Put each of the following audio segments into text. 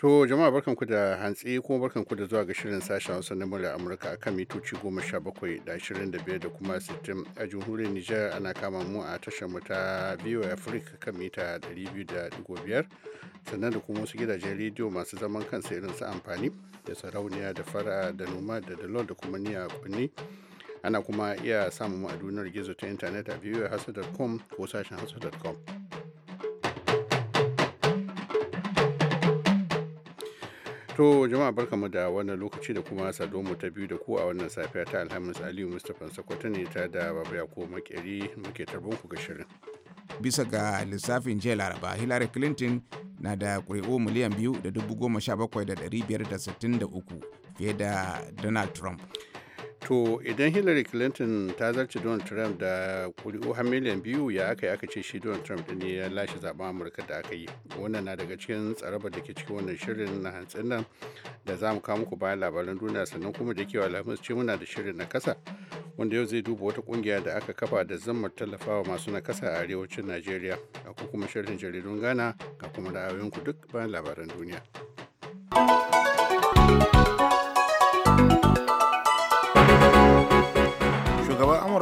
To jama'a barkan ku da hantsi kuma barkanku da zuwa ga shirin sashen Hausa na murya Amurka akan mitoci goma sha bakwai da ashirin da biyar da kuma sittin a jamhuriyar Nijar ana kama mu a tashar mu ta biyu Africa kan mita ɗari biyu da ɗigo sannan da kuma wasu gidajen rediyo masu zaman kansa irin su amfani da sarauniya da fara da noma da dalol da kuma niya kunni ana kuma iya samun mu a duniyar gizo ta intanet a viewhausa.com ko sashen hausa.com. To jama'a barkamu da wannan lokaci da kuma sado mu ta biyu da ku a wannan safiya ta Alhamis Aliyu Mustapha sakwata ne ta da Babu yako Makeri muke tarbon ku ga shirin. Bisa ga lissafin jiya Laraba Hillary Clinton na da ƙuri'u miliyan biyu da dubu goma sha bakwai da dari biyar da sittin da uku fiye da Donald Trump. to idan hillary clinton ta zarce donald trump da kuri'u har miliyan biyu ya aka yi aka ce shi donald trump ne ya lashe zaben amurka da aka yi wannan na daga cikin tsarabar da ke cikin wannan shirin na hantsin nan da za mu kawo muku bayan labaran duniya sannan kuma da kewa alhamis ce muna da shirin na kasa wanda yau zai duba wata kungiya da aka kafa da zammar tallafawa masu na kasa a arewacin najeriya akwai kuma shirin jaridun ghana ga kuma ra'ayoyinku duk bayan labaran duniya.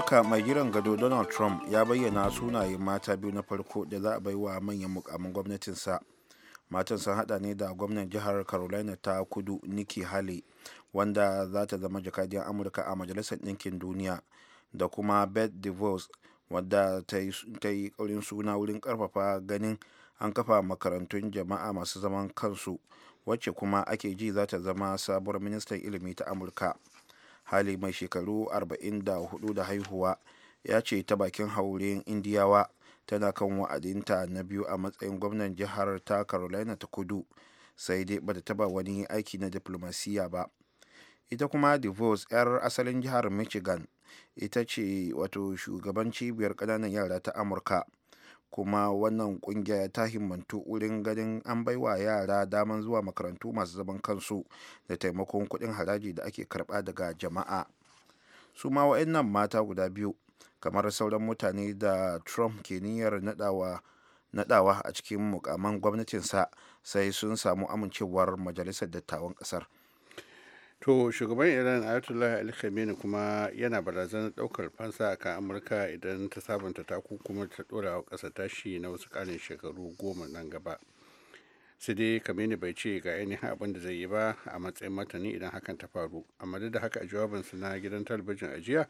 haka mai jiran gado donald trump ya bayyana sunayen mata biyu na farko da za a bai wa manyan mukamin gwamnatinsa matan sun hada ne da gwamnan jihar carolina ta kudu nikki haley wanda za ta zama jakadiyar amurka a majalisar ɗinkin duniya da kuma beth devos wadda ta yi ƙaurin suna wurin karfafa ganin an kafa makarantun jama'a masu zaman kansu wacce kuma ake ji za ta zama sabuwar ministan ilimi ta amurka hali mai shekaru 44 da haihuwa ya ce ta bakin haurin indiyawa tana kan wa'adinta na biyu a matsayin gwamnan jihar ta carolina ta kudu sai dai bata taba wani aiki na diplomasiya ba ita kuma divorce 'yar asalin jihar michigan ita ce wato shugaban cibiyar ƙananan yara ta amurka kuma wannan kungiya ta himmantu wurin ganin an bai wa yara daman zuwa makarantu masu zaman kansu da taimakon kuɗin haraji da ake karɓa daga jama'a su ma wa'annan mata guda biyu kamar sauran mutane da trump ke niyyar nadawa a cikin mukaman gwamnatinsa sai sun samu amincewar majalisar dattawan kasar. to shugaban iran ayatollah ali khamenei kuma yana barazanar daukar fansa kan amurka idan ta sabunta kuma ta dora wa kasa tashi na wasu karin shekaru goma nan gaba sai dai khamenei bai ce ga ainihin abin da zai yi ba a matsayin matani idan hakan ta faru amma duk da haka a su na gidan talabijin a jiya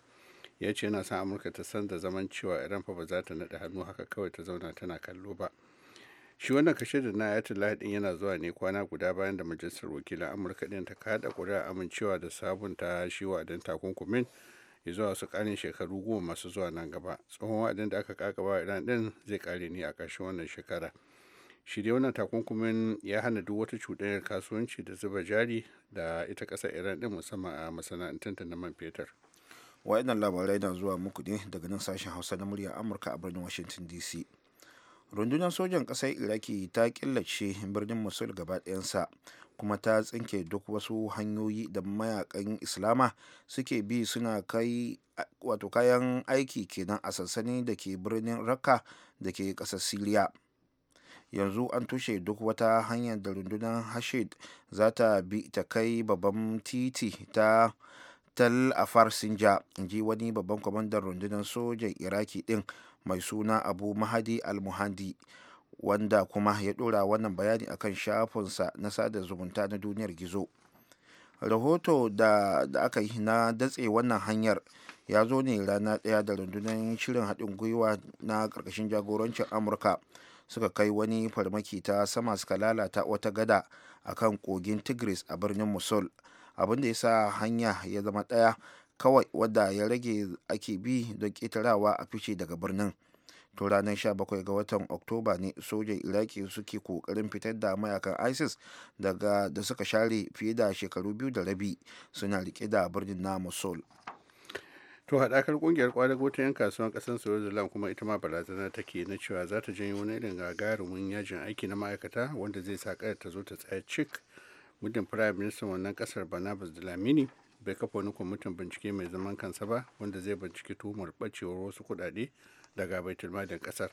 ya ce yana son amurka ta san da zaman cewa iran fa ba za ta naɗa hannu haka kawai ta zauna tana kallo ba shi wannan kashe da na ayatollah din yana zuwa ne kwana guda bayan da majalisar wakilan amurka din ta kada kuri'a amincewa da sabunta shi wa'adin takunkumin ya zuwa su karin shekaru goma masu zuwa nan gaba tsohon wa'adin da aka kakaba iran din zai kare ne a ƙarshen wannan shekara shi wannan takunkumin ya hana duk wata cuɗanyar kasuwanci da zuba jari da ita ƙasar iran din musamman a masana'antanta na man fetur wa'adin labarai na zuwa muku ne daga nan sashen hausa na murya amurka a birnin washington dc rundunar sojan ƙasar iraki ta killace birnin musul gaba ɗayansa kuma ta tsinke duk wasu hanyoyi da mayakan islama suke bi suna kai wato kayan aiki kenan a sansani da ke birnin raka da ke ƙasar siriya yanzu an tushe duk wata hanyar da rundunar hashid za ta bi ta kai babban titi ta tal a sinja in ji wani babban kwamandan rundunar sojan iraki din mai suna abu mahadi almuhadi wanda kuma ya dora wannan bayani akan shafinsa na sada zumunta na duniyar gizo rahoto da, da aka yi na datse wannan hanyar ya zo ne rana ɗaya da rundunar shirin haɗin gwiwa na ƙarƙashin jagorancin amurka suka kai wani farmaki ta sama suka lalata wata gada a kan kogin tigris a birnin musul abin da ya sa hanya ya zama ɗaya kawai wadda ya rage ake bi don ƙetarawa a fice daga birnin to ranar 17 ga watan oktoba ne sojan iraki suke kokarin fitar da mayakan isis daga da suka share fiye da shekaru biyu da rabi suna rike da birnin na mosul to haɗakar ƙungiyar kwadago ta 'yan kasuwan ƙasar switzerland kuma ita ma barazana take na cewa za ta janyo wani irin gagarumin yajin aiki na ma'aikata wanda zai sa ƙayar ta zo ta tsaya cik muddin firayim ministan wannan ƙasar barnabas dlamini bai kafa wani kwamitin bincike mai zaman kansa ba wanda zai bincike tuhumar ɓacewar wasu kuɗaɗe daga madin kasar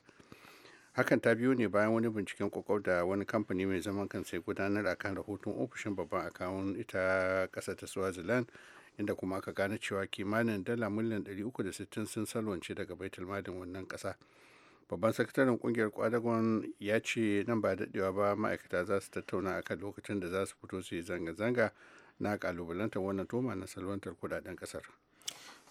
hakan ta biyo ne bayan wani binciken kwakwau da wani kamfani mai zaman kansa ya gudanar akan rahoton ofishin babban akawun ita kasar ta swaziland inda kuma aka gane cewa kimanin dala miliyan 360 sun salwance daga madin wannan kasa babban sakataren kungiyar kwadagon ya ce nan ba daɗewa ba ma'aikata za su tattauna akan lokacin da za su fito su yi zanga-zanga na kalubalantar wannan toma na salwantar kudaden kasar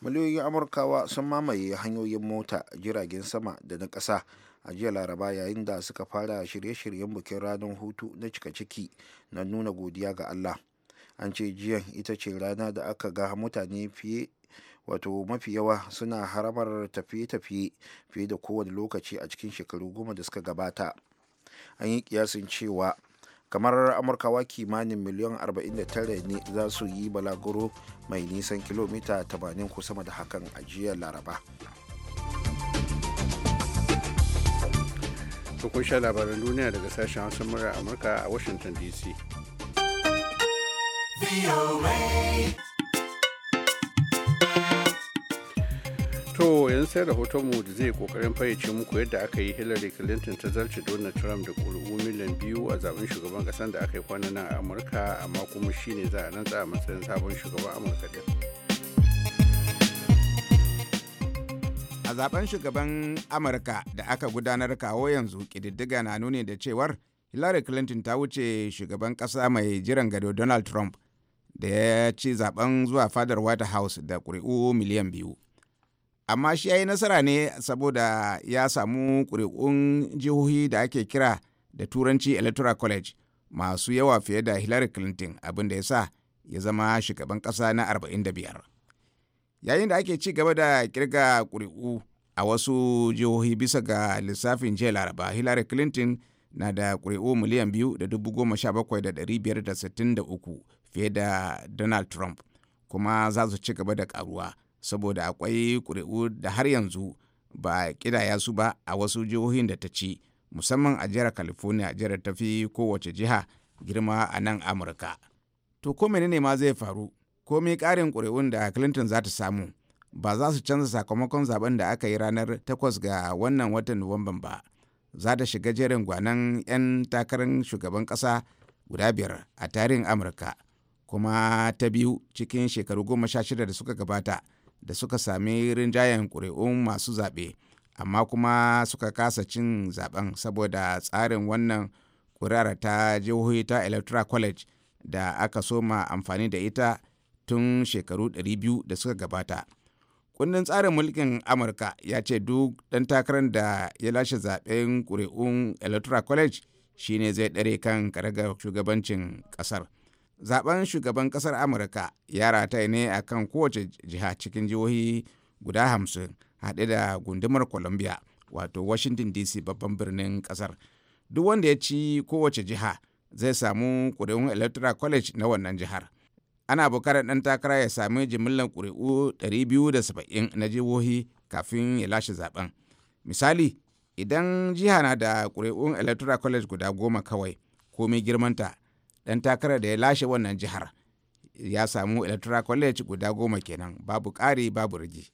miliyoyin amurkawa sun mamaye hanyoyin mota jiragen sama da na ƙasa a jiya laraba yayin da suka fara shirye-shiryen bikin ranar hutu na cika ciki na nuna godiya ga allah an ce jiya ita ce rana da aka ga mutane fiye wato mafi yawa suna haramar tafiye-tafiye fiye da kowane lokaci a cikin shekaru goma da suka gabata an yi kiyasin cewa kamar amurkawa kimanin miliyan 49 ne za su yi balaguro mai nisan kilomita 80 ko sama da hakan a jiya laraba kun sha labaran duniya daga sashen mura murar amurka a washington dc To yanzu sai mu da zai kokarin fayyace muku yadda aka yi Hillary Clinton ta zarce Donald Trump da kuri'u miliyan biyu a zaben shugaban kasan da aka yi kwanan nan a Amurka amma kuma shine za a rantsa a matsayin sabon shugaban Amurka din. A zaben shugaban Amurka da aka gudanar kawo yanzu kididdiga na nuni da cewar Hillary Clinton ta wuce shugaban ƙasa mai jiran gado Donald Trump da ya ci zaben zuwa fadar White House da ƙuri'u miliyan biyu. amma shi ya yi nasara ne saboda ya samu ƙuri'un jihohi da ake kira da turanci electoral college masu yawa fiye da hillary clinton abin da ya sa ya zama shugaban ƙasa na 45 yayin da ake ci gaba da kirga ƙuri'u a wasu jihohi bisa ga lissafin jiya laraba hillary clinton na da ƙuri'u miliyan biyu fiye da donald trump kuma za su ci gaba da ƙaruwa saboda akwai ƙuri'u da har yanzu ba a kidaya su ba a wasu jihohin da ta ci musamman a jihar california jihar tafi kowace jiha girma a nan amurka to ko menene ma zai faru ko komai ƙarin ƙuri'un da clinton za ta samu ba za su canza sakamakon zaben da aka yi ranar 8 ga wannan watan nuwamban ba za ta shiga jerin gwanan 'yan takarar shugaban ƙasa guda biyar a tarihin amurka kuma ta biyu cikin shekaru goma sha shida da suka gabata da suka sami rinjayen ƙuri'un masu zaɓe amma kuma suka kasa cin zaben saboda tsarin wannan ƙuri'ar ta jihohi ta electoral college da aka soma amfani da ita tun shekaru 200 da suka gabata kundin tsarin mulkin amurka ya ce duk ɗan takarar da ya lashe zaben ƙuri'un electoral college shine zai ɗare kan karagar shugabancin ƙasar. zaben shugaban kasar amurka ya rataye ne a kan kowace jiha cikin jihohi guda hamsin haɗe da gundumar columbia wato washington dc babban birnin kasar duk wanda ya ci kowace jiha zai samu ƙuri'un electoral college na wannan jihar ana bukatar ɗan takara ya sami jimillar ƙuri'u 270 na jihohi kafin ya lashe zaben misali idan jiha na da ƙuri'un electoral college guda goma kawai komai girmanta dan takarar da ya lashe wannan jihar ya samu electoral college guda goma kenan babu ƙari babu rigi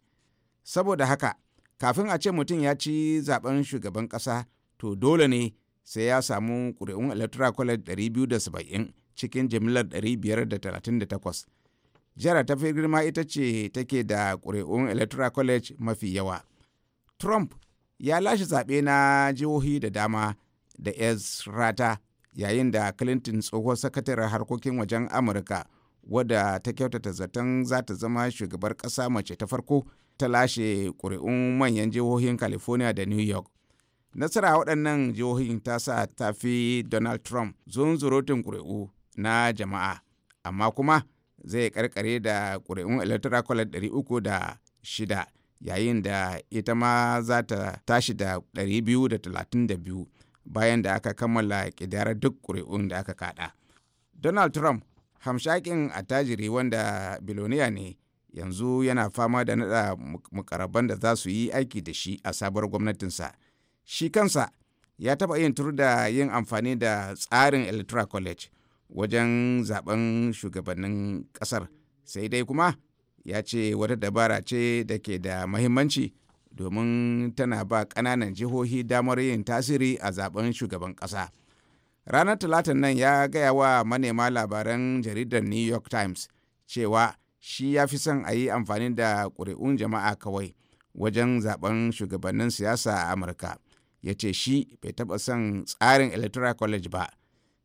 saboda haka kafin a ce mutum ya ci zaben shugaban ƙasa to dole ne sai ya samu ƙuri'un electoral college 270 cikin jimlar 538 jihar ta fi girma ita ce take da ƙuri'un electoral college mafi yawa trump ya lashe zaɓe na jihohi da dama da ezrata yayin da clinton tsohuwar sakataren harkokin wajen amurka wadda ta kyautata zaton za ta zama shugabar ƙasa mace ta farko ta lashe ƙuri'un manyan jihohin california da new york nasara waɗannan jihohin ta sa ta fi donald trump zunzurutun ƙuri'u na jama'a amma kuma zai karkare da ƙuri'un electoral college shida yayin da ita ma za ta tashi da da da 232 bayan da aka kammala kidara duk ƙuri'un da aka kada. Donald Trump hamshakin attajiri wanda biloniya ne yanzu yana fama da nada mukaraban da za su yi aiki da shi a sabuwar gwamnatinsa. Shi kansa ya taɓa yin tur da yin amfani da tsarin Electoral College wajen zaben shugabannin ƙasar sai dai kuma ya ce wata dabara ce da ke da mahimmanci domin tana ba ƙananan jihohi damar yin tasiri a zaben shugaban ƙasa. Ranar Talatan nan ya gaya wa manema labaran jaridar New York Times cewa shi ya fi son a yi amfani da ƙuri'un jama'a kawai wajen zaben shugabannin siyasa a Amurka. Ya ce shi bai taɓa son tsarin Electoral College ba,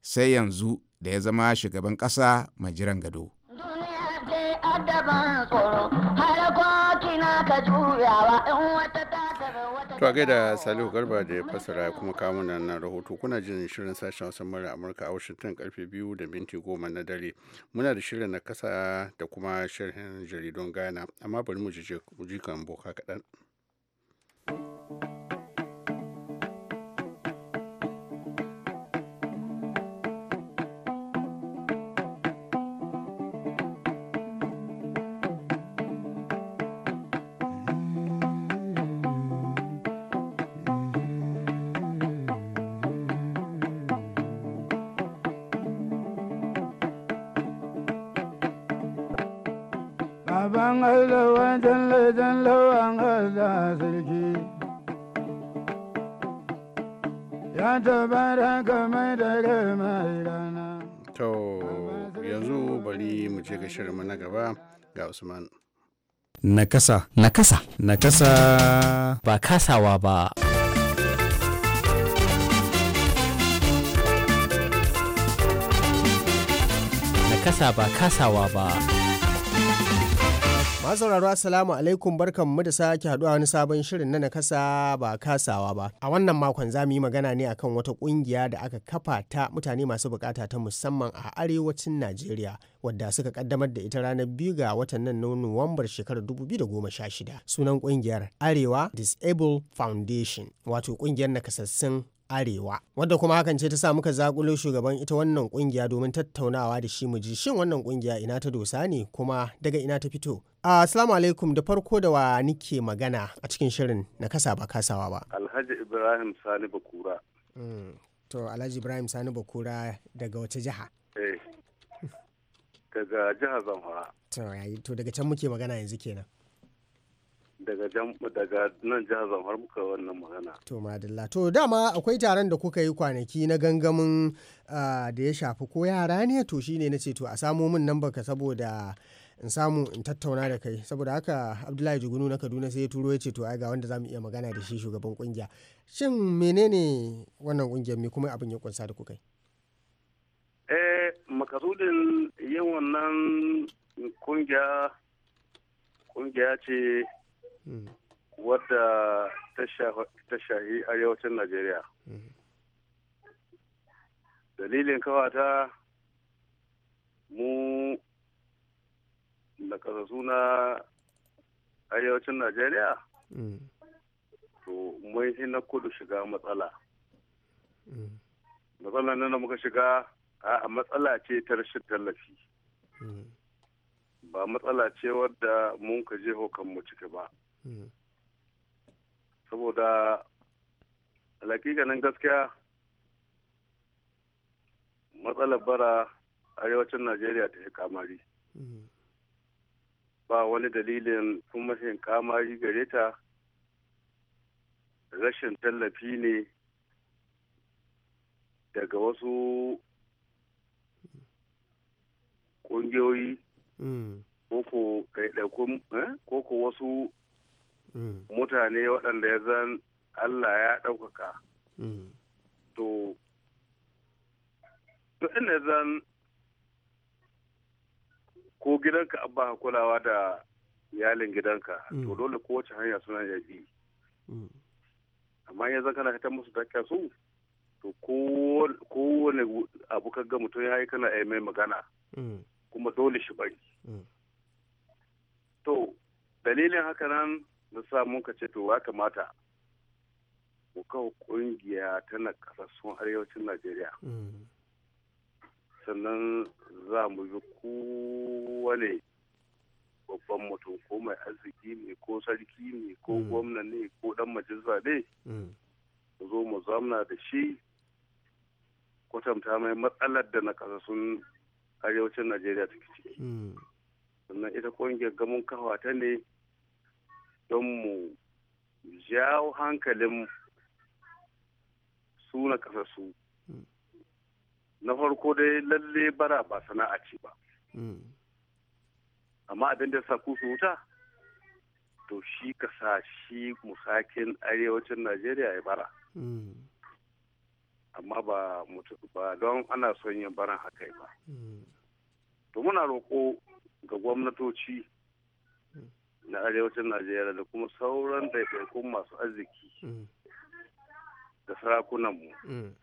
sai yanzu da ya zama shugaban ƙasa mai jiran gado. Duniya to juyawa in wata Salihu Garba da ya fassara kuma kawo nan rahoto kuna jin shirin sashen wasan mara Amurka a Washington karfe biyu da minti goma na dare muna da shirin na kasa da kuma shirin jaridun Ghana amma bari mu ji kan boka kaɗan. zirgi ya da mai da mai rana to yanzu bari mu ce ga shirinmu na gaba ga usman nakasa nakasa nakasa ba kasawa ba nakasa ba kasawa ba sauraro assalamu alaikum barkan mu da sake haduwa wani sabon shirin na nakasa ba kasawa ba a wannan makon za mu yi magana ne akan wata ƙungiya da aka kafa ta mutane masu bukata ta musamman a arewacin najeriya wadda suka kaddamar da ita ranar biyu ga watan nan na nuwambar shekarar shida. sunan ƙungiyar arewa disable foundation wato ƙungiyar nakasassun arewa wadda kuma hakan ce ta sa muka zakulo shugaban ita wannan kungiya domin tattaunawa da shi muji shin wannan kungiya ina ta dosa ne kuma daga ina ta fito assalamu alaikum da farko da wa nike magana a cikin shirin na kasa ba kasawa ba alhaji ibrahim sani bakura hmm, to alhaji ibrahim sani bakura daga wace jiha eh, daga jiha zamfara to daga can muke magana yanzu kenan daga nan jihar zamfara muka wannan magana. To madalla to dama akwai taron da kuka yi kwanaki na gangamin ah, da ya shafi ko yara ne to shi ne na ce to a samo min nan baka saboda in samu in tattauna da kai saboda haka abdullahi Jigunu na kaduna sai ya turo ya ce to ai ga wanda zamu iya magana da shi shugaban kungiya shin menene wannan kungiyar me kuma abin ya kunsa da kukai eh makasudin yin wannan kungiya kungiya ce wadda ta shahi arewacin najeriya dalilin kawata mu da kasasu na arewacin najeriya to mun shi na kudu shiga matsala matsalar nan muka shiga a matsala ce ta rashin tallafi ba matsala ce wadda mun ka je hokan mu ciki ba Hmm. saboda nan gaskiya matsalar bara arewacin najeriya ta yi kamari hmm. ba wani dalilin kuma mafi kamari gare ta rashin tallafi ne daga wasu ƙungiyoyi koko hmm. eh, wasu Mm. mutane waɗanda ya zan Allah ya ɗaukaka mm. to to ina zan ko gidanka an ba kulawa da yalin gidanka to mm. dole kowace hanya suna ya bi amma yanzu kana hita musu dakka su to kowane abu ga mutum ya yi kana yi mai magana kuma dole shi bari to dalilin haka nan na sa mun ka ce to ya kamata mu kawo kungiya ta nakasassun arewacin najeriya mm. sannan za mu bi kowane babban mutum ko mai arziki ne ko sarki ne ko mm. gwamna ne ko dan majalisa ne mm. mu zo mu zamna da shi kwatanta mai matsalar da nakasassun arewacin najeriya take ciki sannan ita kungiyar gamun kawata ne don mu jawo hankalin suna kasa su mm. na farko dai lalle bara ba sana'a ce ba mm. amma abin da sa wuta to shi ka sa shi musakin arewacin najeriya ya bara mm. amma ba mutu ba don ana son yin baran haka ba to muna roƙo ga gwamnatoci na arewacin najeriya da kuma sauran ɗaiɗaikun masu arziki mm. da sarakunanmu mm.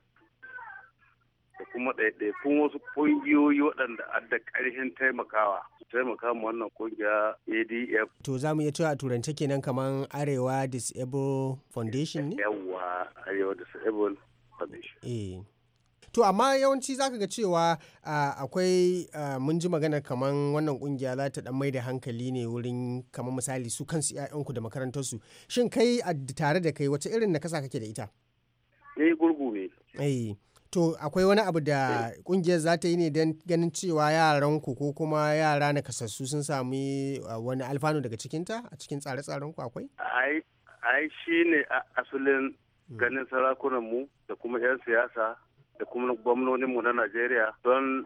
da kuma ɗaiɗaikun wasu ƙungiyoyi waɗanda da ƙarshen taimakawa su taimaka mu wannan ƙungiya adf to za mu iya cewa a turance kenan kamar arewa disable foundation ne yawwa arewa disable foundation eh. to amma yawanci zaka ga cewa akwai mun ji magana kaman wannan kungiya za ta dan mai da hankali ne wurin kamar misali su kansu 'ya'yanku da makarantarsu shin kai a tare da kai wace irin nakasa kake da ita eh gurgu ne eh, to akwai wani abu da kungiyar eh. za ta yi ne don ganin cewa yaranku ko kuma yara na kasassu sun sami wani alfanu daga cikinta a cikin tsare-tsaren akwai ai shi ne asalin hmm. ganin sarakunan mu da kuma 'yan siyasa da kuma mu na Najeriya don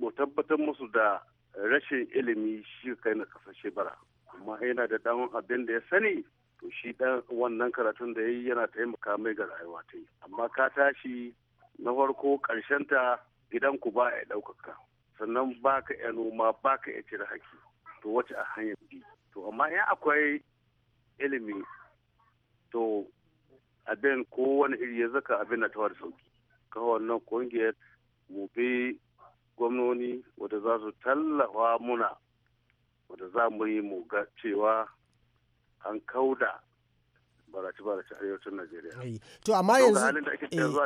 mu tabbatar musu da rashin ilimi shi kai na kasashe bara. Amma yana da ɗan abin da ya sani to shi dan wannan karatun da ya yi yana taimaka mai ga rayuwa ta yi. Amma ka tashi na farko ta ku ba ya ɗaukaka. Sannan ba ka ya noma ba ka ya cire haki. To wace a hanyar bi. To amma in akwai ilimi to abin kowane iri ya zaka abin na tawar sauki. kafa wannan kungiyar mu bi gwamnoni wadda za su tallafa muna wadda za mu yi mu ga cewa an kauda barace-barace arewacin najeriya to amma yanzu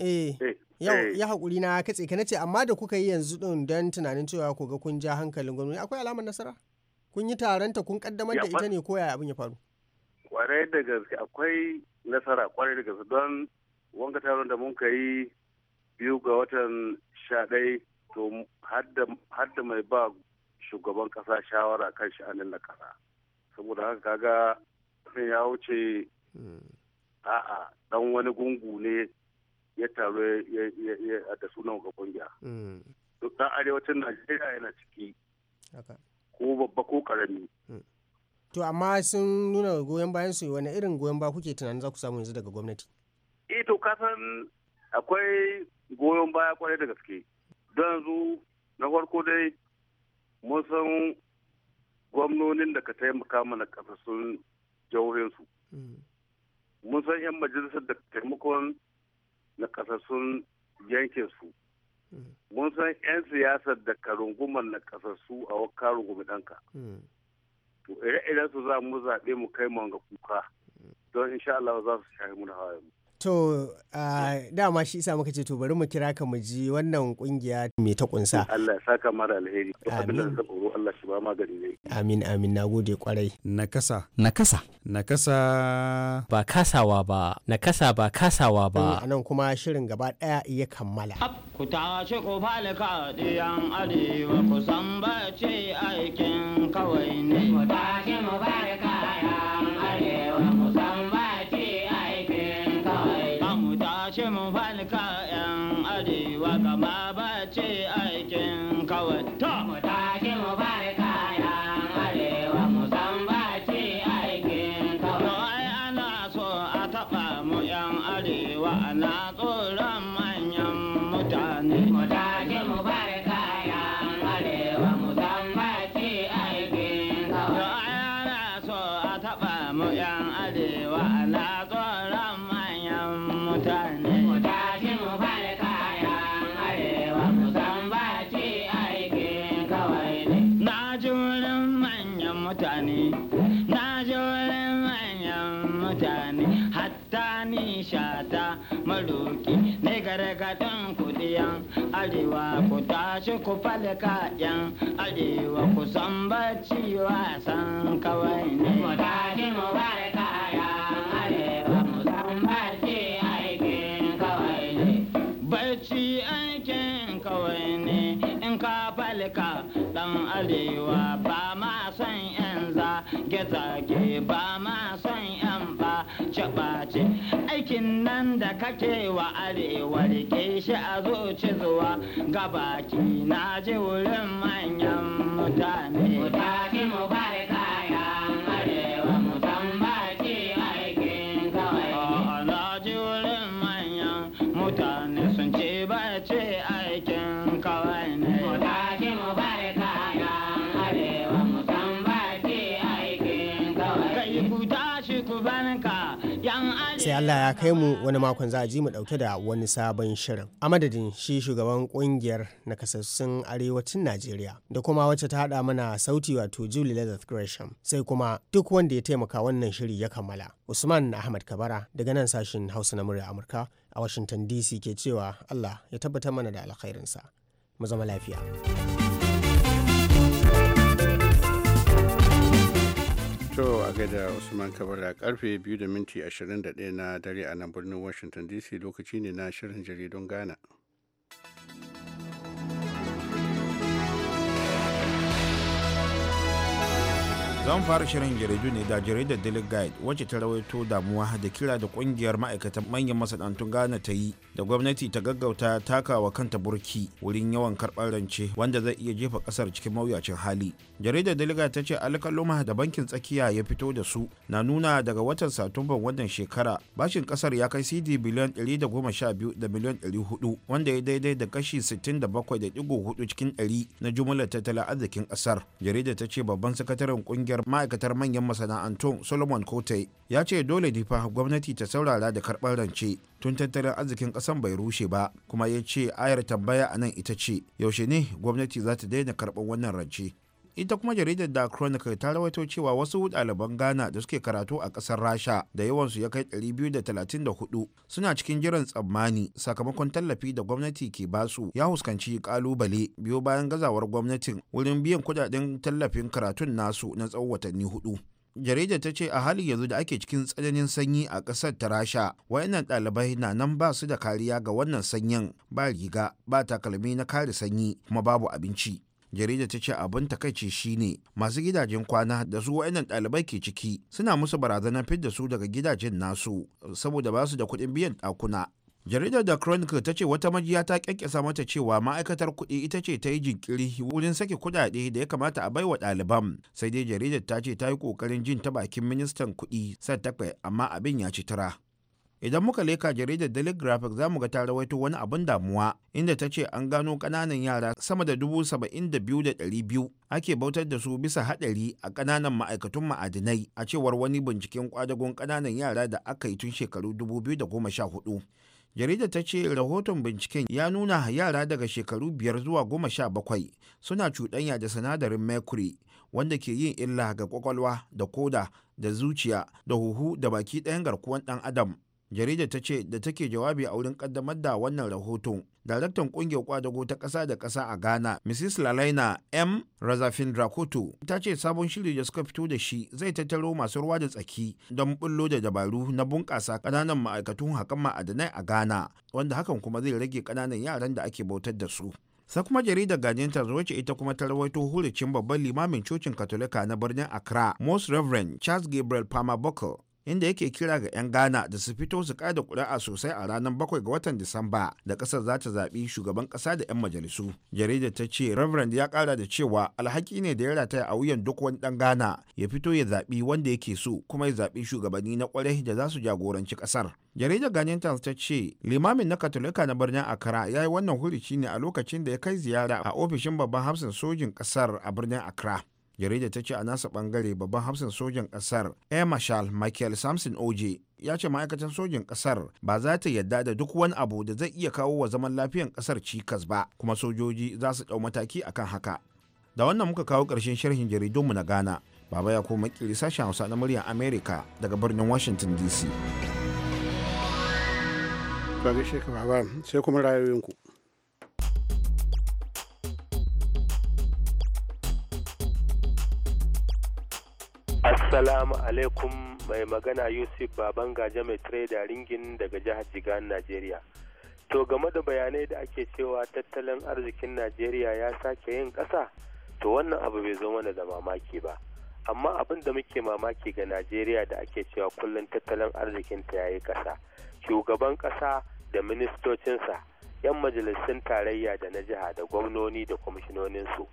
eh. Eh, eh, ya haƙuri na katse ka nace amma da kuka yi yanzu ɗin don tunanin cewa ku ga kun ja hankalin gwamnoni akwai alamar nasara kun yi taronta kun kaddamar da ita ne ko yaya abin ya faru kwarai da gaske akwai nasara kwarai da gaske don wanka taron da mun ka yi biyu ga watan sha ɗai to hadda mai ba shugaban ƙasa shawara kan sha'anin na ƙasa saboda haka kaga sun ya wuce a'a dan wani gungu ne ya taru da sunan ga kungiya duk ɗan arewacin najeriya yana ciki ko babba ko karami to amma sun nuna goyon bayan su wani irin goyon ba kuke tunanin za ku samu yanzu daga gwamnati to kasan akwai goyon baya kwarai da gaske don yanzu na farko dai mun san gwamnonin da ka taimaka mana kasassun jihohinsu hmm. mun san 'yan majalisar da taimakon na kasassun yankinsu hmm. mun san 'yan siyasar da ka rungumar na kasassu a wakka rungumi danka hmm. to ire-iren su za mu zaɓe mu kai ga kuka don insha Allah za su shahi mu da hawaye mu To dama shi isa muka ce to bari mu kira ka mu ji wannan kungiya mai ta kunsa. Allah ya saka mara alheri. Amin. Allah shi ba magani ne. Amin amin na gode kwarai. Nakasa. Nakasa. Nakasa. Ba kasawa ba. Nakasa ba kasawa ba. A nan kuma shirin gaba daya ya kammala. Ku tashi ku falka diyan arewa ku san aikin kawai ne. Ku tashi mu barka. mon va arewa ku tashi ku falka yan arewa ku san bacci wasan kawai ne mu tashi mu barka yan arewa mu san bacci aikin kawai ne bacci aikin kawai ne in ka falka dan arewa ba ma san yan za ke ba nan da kake wa arewa rike shi a zuci zuwa gabaki na ji wurin manyan mutane. Mutane mu Allah ya kai mu wani makon za a ji mu dauke da wani sabon shirin. A madadin shi shugaban kungiyar nakasassun arewacin Najeriya da kuma wacce ta hada mana sauti wato Julie Lazarus Gresham sai kuma duk wanda ya taimaka wannan shiri ya kammala. Usman Ahmad Kabara daga nan sashin Hausa na murya Amurka a Washington DC ke cewa Allah ya tabbatar mana da alkhairinsa. Mu zama lafiya. To a gaida Usman Kabara karfe 2 da minti na dare a nan birnin Washington DC lokaci ne na shirin jaridun Ghana. zan fara shirin jaridu ne da jaridar daily guide wacce ta rawaito damuwa da kira da kungiyar ma'aikatan manyan masana'antun ghana ta yi da gwamnati ta gaggauta takawa kanta burki wurin yawan karɓar rance wanda zai iya jefa ƙasar cikin mawuyacin hali jaridar daliga ta ce alƙaluma da bankin tsakiya ya fito da su na nuna daga watan satumban wannan shekara bashin ƙasar ya kai cd biliyan 112 da miliyan 400 wanda ya daidai da kashi 67.4 cikin 100 na jumlar tattalin arzikin ƙasar jaridar ta ce babban sakataren ƙungiyar ma'aikatar manyan masana'antun solomon kotai ya ce dole ne gwamnati ta saurara da karɓar rance tun tattalin arzikin kasan bai rushe ba kuma ya ce ayar tambaya a nan ita ce yaushe ne gwamnati za ta daina karɓar wannan rance ita kuma jaridar da chronicle ta rawaito cewa wasu ɗaliban ghana da suke karatu a ƙasar rasha da yawansu ya kai 234 suna cikin jiran tsammani sakamakon tallafi da gwamnati ke basu ya huskanci kalubale biyo bayan gazawar gwamnatin wurin biyan kudaden tallafin karatun nasu na tsawon watanni hudu jarida ta ce a halin yanzu da ake cikin tsananin sanyi a ƙasar ta rasha wayannan ɗalibai na nan ba su da kariya ga wannan sanyin ba riga ba takalmi na kare sanyi kuma babu abinci jarida ta ce abin takaici shine masu gidajen kwana da su wayannan ɗalibai ke ciki suna musu barazanar fidda su daga gidajen nasu saboda ba su da kuɗin biyan ɗakuna jaridar da chronicle ta ce wata majiya ta kyankyasa mata cewa ma'aikatar kuɗi ita ce ta yi jinkiri wurin sake kuɗaɗe da ya kamata a baiwa ɗaliban sai dai jaridar ta ce ta yi ƙoƙarin jin ta bakin ministan kuɗi san takwai amma abin ya ci tura idan muka leka jaridar daily graphic za mu ga ta rawaito wani abun damuwa inda ta ce an gano kananan yara sama da dubu saba'in da biyu da ɗari biyu ake bautar da su bisa haɗari a ƙananan ma'aikatun ma'adinai a cewar wani binciken kwadagon ƙananan yara da aka yi tun shekaru dubu biyu da goma sha hudu jaridar ta ce rahoton binciken ya nuna yara daga shekaru biyar zuwa goma sha bakwai suna cuɗanya da sinadarin mercury wanda ke yin illa ga kwakwalwa da koda da zuciya da huhu da baki ɗayan garkuwan ɗan adam jaridar ta ce da take jawabi a wurin kaddamar da wannan rahoto daraktan kungiyar kwadago ta ƙasa da ƙasa a ghana mrs lalaina m razafin drakoto ta ce sabon shiri da suka fito da shi zai tattaro masu ruwa da tsaki don bullo da dabaru na bunƙasa ƙananan ma'aikatun hakan ma'adanai a ghana wanda hakan kuma zai rage ƙananan yaran da ake bautar da su sai kuma jaridar Guardian ta wacce ita kuma ta rawaito hulicin babban limamin cocin katolika na birnin Accra, Most Reverend Charles Gabriel Palmer Buckle inda yake kira ga 'yan Ghana da su fito su kada kuri'a sosai a ranar 7 ga watan Disamba da ƙasar za ta zaɓi shugaban ƙasa da 'yan majalisu. Jaridar ta ce Reverend ya ƙara da cewa alhaki ne da ya rataya a wuyan duk wani ɗan Ghana ya fito ya zaɓi wanda yake so kuma ya zaɓi shugabanni na ƙwarai da za su jagoranci ƙasar. Jaridar Ghanaian Times ta ce limamin na Katolika na birnin Accra ya yi wannan hurici ne a lokacin da ya kai ziyara a ofishin babban hafsin sojin ƙasar a birnin Accra. jaridar ta ce a nasa bangare babban hafsan sojan kasar air marshal michael samson oj ya ce ma'aikatan sojan kasar ba za ta yadda da duk wani abu da zai iya kawo wa zaman lafiyan kasar cikas ba kuma sojoji za su ɗau mataki akan haka da wannan muka kawo ƙarshen sharhin jaridunmu na ghana baba ya kuma kiri sashen hausa na muryar america daga birnin washington dc sai kuma rayoyinku Assalamu alaikum mai magana Yusuf Baban Gaja mai trader ringin daga jihar Jigan Najeriya. To game da bayanai da ake cewa tattalin arzikin Najeriya ya sake yin ƙasa, to wannan abu bai zo mana da mamaki ba. Amma abin da muke mamaki ga Najeriya da ake cewa kullum tattalin ta ya yi ƙasa. Shugaban ƙasa da ministocinsa, 'yan majalisun tarayya da na jiha da gwamnoni da kwamishinoninsu.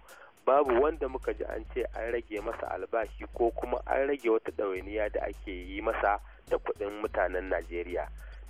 babu wanda muka ji an ce an rage masa albashi ko kuma an rage wata ɗawainiya da ake yi masa da kuɗin mutanen najeriya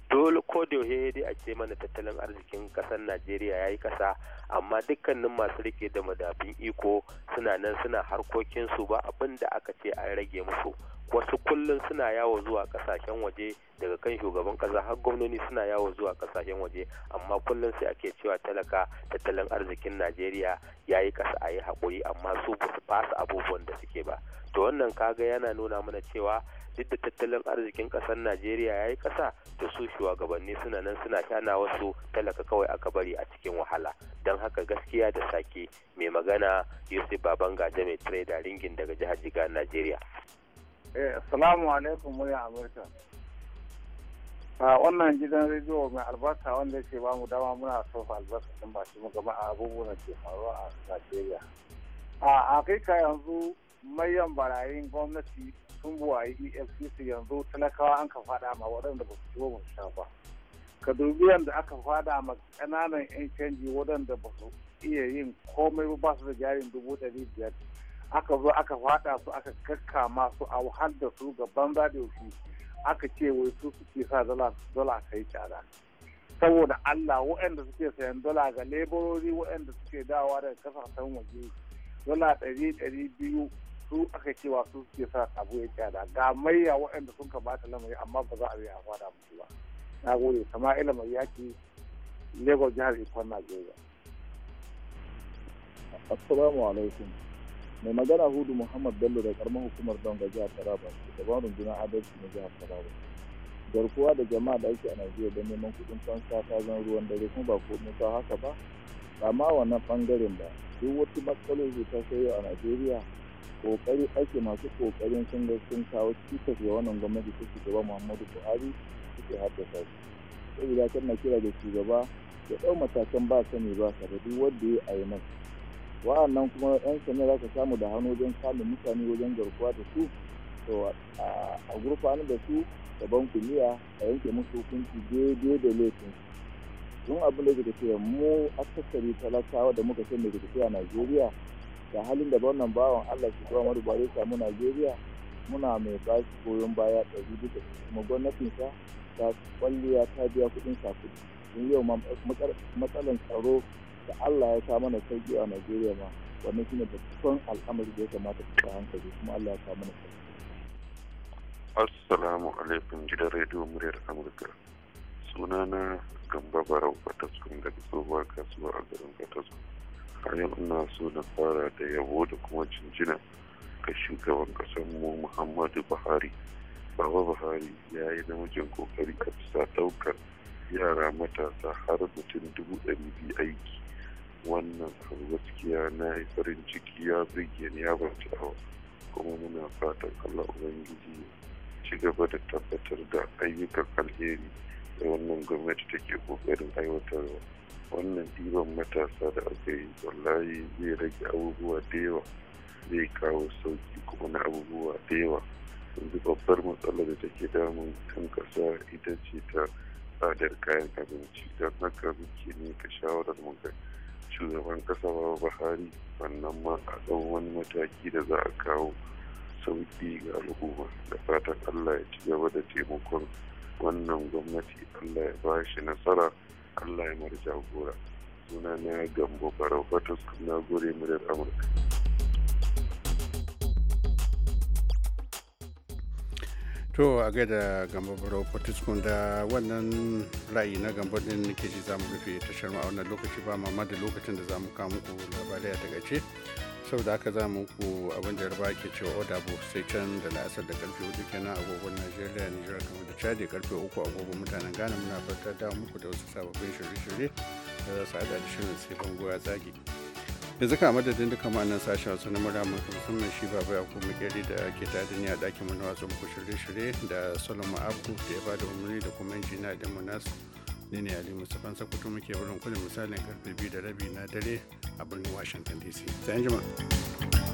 dole ko da yaushe dai a ce mana tattalin arzikin ƙasar najeriya ya yi ƙasa amma dukkanin masu rike da madafin iko suna nan suna harkokinsu ba abin da aka ce an rage musu wasu kullum suna yawo zuwa kasashen waje daga kan shugaban kasa har gwamnoni suna yawo zuwa kasashen waje amma kullum sai ake cewa talaka tattalin arzikin najeriya ya yi kasa a yi haƙuri amma su ba su fasa abubuwan da suke ba to wannan kaga yana nuna mana cewa duk da tattalin arzikin kasar najeriya ya yi kasa da su shugabanni suna nan suna shana wasu talaka kawai aka bari a cikin wahala don haka gaskiya da sake mai magana yusuf baban gaje mai tiraida ringin daga jihar jigar najeriya Eh, assalamu alaikum muryar Amurka. A wannan gidan rediyo mai albarka wanda ke ba mu dama muna sofa albarka don ba shi a abubuwan da ke faruwa a Najeriya. A hakika yanzu mayan barayin gwamnati sun buwayi EFCC yanzu talakawa an ka fada ma waɗanda ba su ciwo ba su sha ba. Ka dubi aka fada ma ƙananan 'yan canji waɗanda ba su iya yin komai ba su da jarin dubu ɗari biyar aka zo aka fada su aka kakkama su a har da su gaban yaushe aka ce wai su suke sa dala kai tsada saboda allah waɗanda suke sayan dala ga leburori waɗanda suke dawa daga kasashen waje dala ɗari ɗari biyu su aka cewa su suke sa abu ya tsada ga maiya waɗanda sun bata lamari amma ba za a yi a fada musu ba na gode sama'ila mai yaki lagos jihar ikon najeriya assalamu alaikum mai magana hudu muhammad bello da karamar hukumar donga jihar taraba shugaban rundunar adalci na jihar taraba garkuwa da jama'a da ake a najeriya don neman kudin fansa ta zan ruwan dare kuma ba komai ta haka ba ba ma wannan bangaren ba duk wata matsaloli ta sayo a najeriya kokari ake masu kokarin sun ga sun kawo cikas ga wannan gwamnati ta shugaba muhammadu buhari suke haddasa su sai da na kira da shugaba ya ɗau matakan ba sani ba sa duk wanda ya yi masa wa'annan kuma yan sanda za ka samu da hannu wajen kame mutane wajen garkuwa da su to a gurfanar da su gaban kuliya a yanke musu hukunci daidai da laifin tun abin da ke tafiya mu akasari talakawa da muka sani da tafiya najeriya da halin da wannan bawan allah shi kuma wani bari samu najeriya muna mai ba shi goyon baya ɗari duka kuma gwamnatinsa ta kwalliya ta biya kuɗin sakudi don yau matsalan tsaro da Allah ya sa mana sauki a Najeriya ma wannan shine babban al'amari da ya kamata ku hankali kuma Allah ya sa mana sauki Assalamu alaikum gidan rediyo muryar Amurka sunana Gamba Barau Fataskun daga tsohuwar kasuwa a garin Fataskun a yau ina so na fara da yabo da kuma jinjina ga shugaban ƙasar mu Muhammadu Buhari Baba Buhari ya yi namijin kokari a bisa ɗaukar yara matasa har mutum dubu ɗari biyu aiki wannan abu gaskiya na yi farin ciki ya birge ya bace awa kuma muna fatan allah ubangiji ci gaba da tabbatar da ayyukan alheri da wannan gwamnati take kokarin aiwatarwa wannan ɗiban matasa da aka yi wallahi zai rage abubuwa da yawa zai kawo sauki kuma na abubuwa da yawa yanzu babbar matsalar da take damun kan ƙasa ita ce ta tsadar kayan abinci don haka muke ne ka shawarar mu kai. shugaban kasa buhari wannan ma a wani mataki da za a kawo sauki ga al'umma da fatan allah ya ci gaba da taimakon wannan gwamnati allah ya bashi nasara allah ya mara jagora suna na gambo barau fatus na gore muryar amurka to a gaida gamba baro fortiskun da wannan ra'ayi na gamba din nake ji zamu rufe tashar a wannan lokaci ba mamma da lokacin da zamu kawo muku labarai a takaice saboda haka za zamu ku abin da ba ke cewa bu sai can da la'asar da karfe hudu kenan agogon najeriya nijar kamar da chad karfe uku agogon mutanen ghana muna fata da muku da wasu sababbin shirye-shirye da za su haɗa da shirin sai bango ya yanzu ka madadin duka nan sashen wasu na mai amurka mai shi baba ya kuma kere da ke ta duniya a ɗakin mana wasu muku shirye-shirye da solomon abu da ya bada umarni da kuma injina da munas ne ne ali musafan sakutu muke wurin kudin misalin karfe biyu da rabi na dare a birnin washington dc sai an jima.